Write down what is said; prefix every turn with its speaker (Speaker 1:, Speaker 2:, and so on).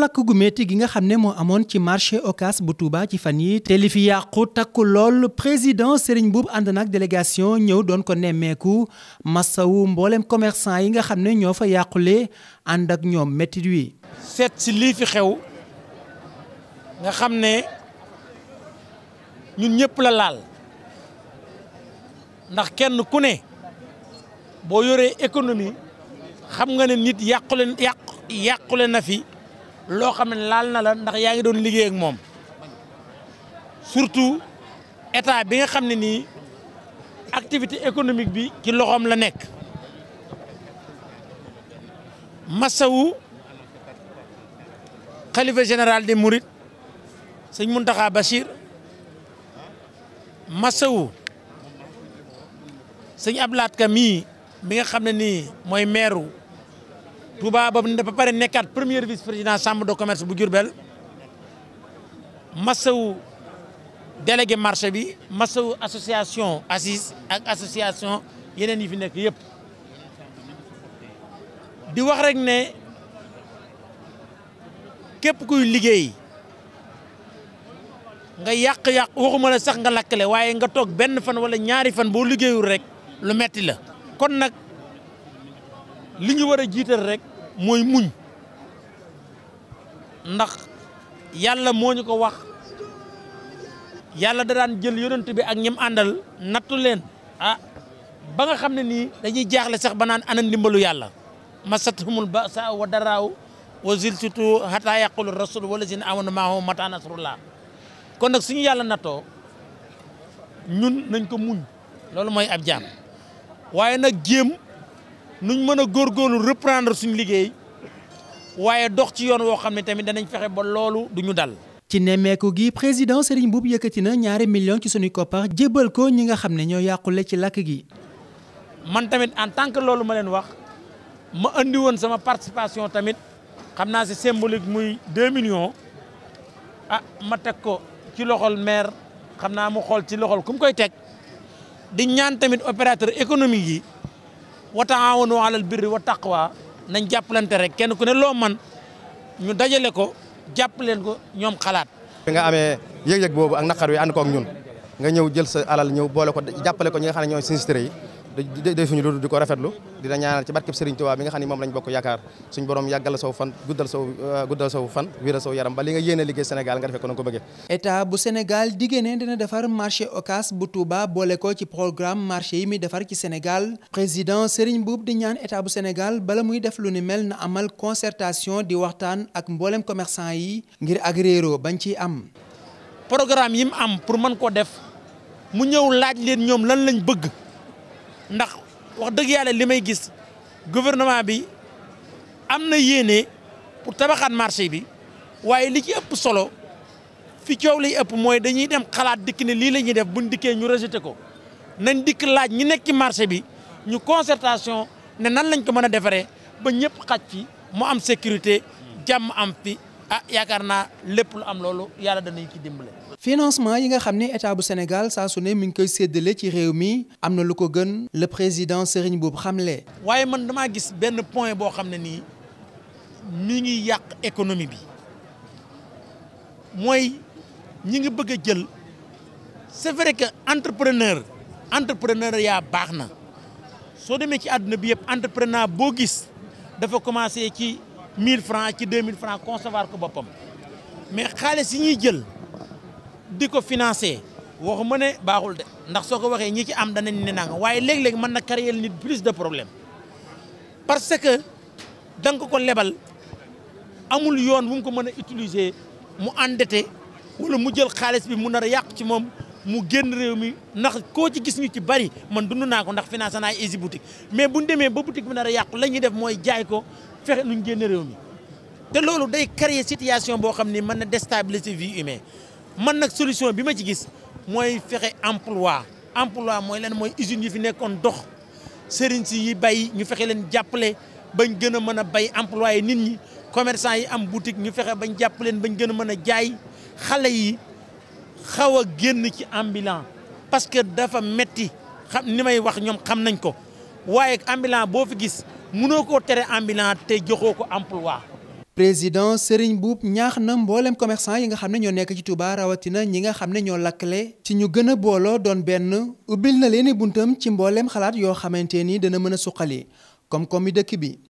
Speaker 1: lakk gu métti gi nga xam ne moo amoon ci marché ocas bu Touba ci fan yi te li fi yàqu takku lool président Serigne Boub ànd nag délégation ñëw doon ko nemmeeku massawu mboolem commerçant yi nga xam ne ñoo fa yàqule ànd ak ñoom métti wi.
Speaker 2: seet si lii fi xew nga xam ne ñun ñëpp la laal ndax kenn ku ne boo yoree économie xam nga ne nit yàqule yàq yàqule na fi. loo xam ne laal na la ndax yaa ngi doon liggéey ak moom surtout état bi nga xam ne nii activité économique bi ci loxoom la nekk masawu xalifa général des Mourides sëñ Muntaxa Bachir masawu sëñ Ablaat Ka mii mi nga xam ne nii mooy meeru Touba ba ba pare nekkaat premier vice président chambre de commerce bu Diourbel wu délégué marché bi wu association assise ak association yeneen yi fi nekk yëpp di wax rek ne képp kuy liggéey nga yàq-yàq waxuma la sax nga lakkale waaye nga toog benn fan wala ñaari fan boo liggéeyul rek lu metti la li ñu war a jiital rek mooy muñ ndax yàlla moo ñu ko wax yàlla da daan jël yonent bi ak ñim àndal nattu leen a ah, ba nga xam ne nii dañuy jaaxle sax ba naan ana ndimbalu yàlla masathumul ba'sa wa daraaw wa zilzilu hatta yaqulu rasul wallazina amanu ma'ahu mata nasrullah kon nag suñu yàlla nattoo ñun nañ ko muñ loolu mooy ab jaam waaye nag jéem nuñ mën a góorgóorlu reprendre suñu liggéey waaye dox ci yoon woo xam ne tamit danañ fexe ba loolu du ñu dal.
Speaker 1: ci nemmeeku gi président Serigne Mboup yëkkati na ñaari million ci suñu koppar jébbal ko ñi nga xam ne ñoo yàqule ci làkk gi.
Speaker 2: man tamit en tant que loolu ma leen wax ma indi woon sama participation tamit xam naa si symbolique muy 2 million ah ma teg ko ci loxol maire xam naa mu xool ci loxol ku koy teg di ñaan tamit opérateur économique yi. wa taawanu alal birri wa taqwa nañ jàppalante rek kenn ku ne loo man ñu dajale ko jàppaleen ko ñoom xalaat. bi nga amee yëg-yëg boobu ak naqar wi ànd koog ñun nga ñëw jël sa alal ñëw boole ko jàppale ko ñi nga xam ne ñooy sinistrés yi. defuñu lu di ko rafetlu dina ñaanal ci barkeb Serigne Touba mi nga xam ne moom lañ bokk yaakaar suñ borom yàggal saw fan guddal saw euh, guddal saw fan wéeral saw yaram ba li nga yéene liggéey Sénégal nga defee ko na ko bëggee
Speaker 1: état bu Sénégal diggée ne dina defar marché Ocass bu Touba boole ko ci programme marché yi muy defar ci Sénégal président Serigne Mboup di ñaan état bu Sénégal bala muy def lu ni mel na amal concertation di waxtaan ak mboolem commerçant yi ngir agré réeroo bañ ciy am programme yi mu am pour mën
Speaker 2: ko def mu ñëw laaj leen ñoom lan lañ bëgg ndax wax dëgg yàlla li may gis gouvernement bi am na yéene pour tabaxaat marché bi waaye li ci ëpp solo fi coow liy ëpp mooy dañuy dem xalaat dikk ne lii la ñuy def buñ dikkee ñu rejeté ko nañ dikk laaj ñu nekk ci marché bi ñu concertation ne nan lañ ko mën a defaree ba ñëpp xaj fi mu am sécurité jàmm am fi ah yaakaar naa lépp lu am loolu yàlla danañ ci dimbale.
Speaker 1: financement yi nga xam ne état bu Sénégal saa su ne mi ngi koy séddale ci réew mi am na lu ko gën le président boobu
Speaker 2: xam xamle. waaye man damaa gis benn point boo xam ne nii mi ngi yàq économie bi mooy ñu ngi bëgg a jël c'est vrai que entrepreneur entrepreneuriat baax na soo demee ci àdduna bi yëpp entrepreneur boo gis dafa commencé ci. 1000 francs ci 2000 francs concevoir ko boppam mais xaalis yi ñuy jël di ko financer waxuma ne baaxul de ndax soo ko waxee ñi ci am danañ ne nanga waaye léeg-léeg mën na créer nit plus de problème parce que da nga ko lebal amul yoon bu mu ko mën a utiliser mu endetté wala mu jël xaalis bi mu nar a yàq ci moom mu génn réew mi ndax koo ci gis ñu ci bari man dund naa ko ndax financé naa ay boutique mais bu ñu demee ba boutique bi nar a yàqu la ñuy def mooy jaay ko fexe nuñ génn réew mi te loolu day créer situation boo xam ni mën na déstabiliser vie humaine man nag solution bi ma ci gis mooy fexe emploi emploi mooy lan mooy usines yi fi nekkoon dox sëriñ si yi bay ñu fexe leen jàppale bañ gën a mën a bay employé nit ñi commerçant yi am boutique ñu fexe bañ jàpp leen bañ gën a mën a jaay xale yi xaw a génn ci ambulant parce que dafa metti xam ni may wax ñoom xam nañ ko waaye ambulant boo fi gis mënoo ko tere ambulant te joxoo ko emploi.
Speaker 1: président Serigne Mboup ñaax na mboolem commerçant yi nga xam ne ñoo nekk ci tubaa rawatina ñi nga xam ne ñoo lakkale ci ñu gën a booloo doon benn ubbil na leen buntam ci mbooleem xalaat yoo xamante ni dana mën a suqali koom-koomi dëkk bi.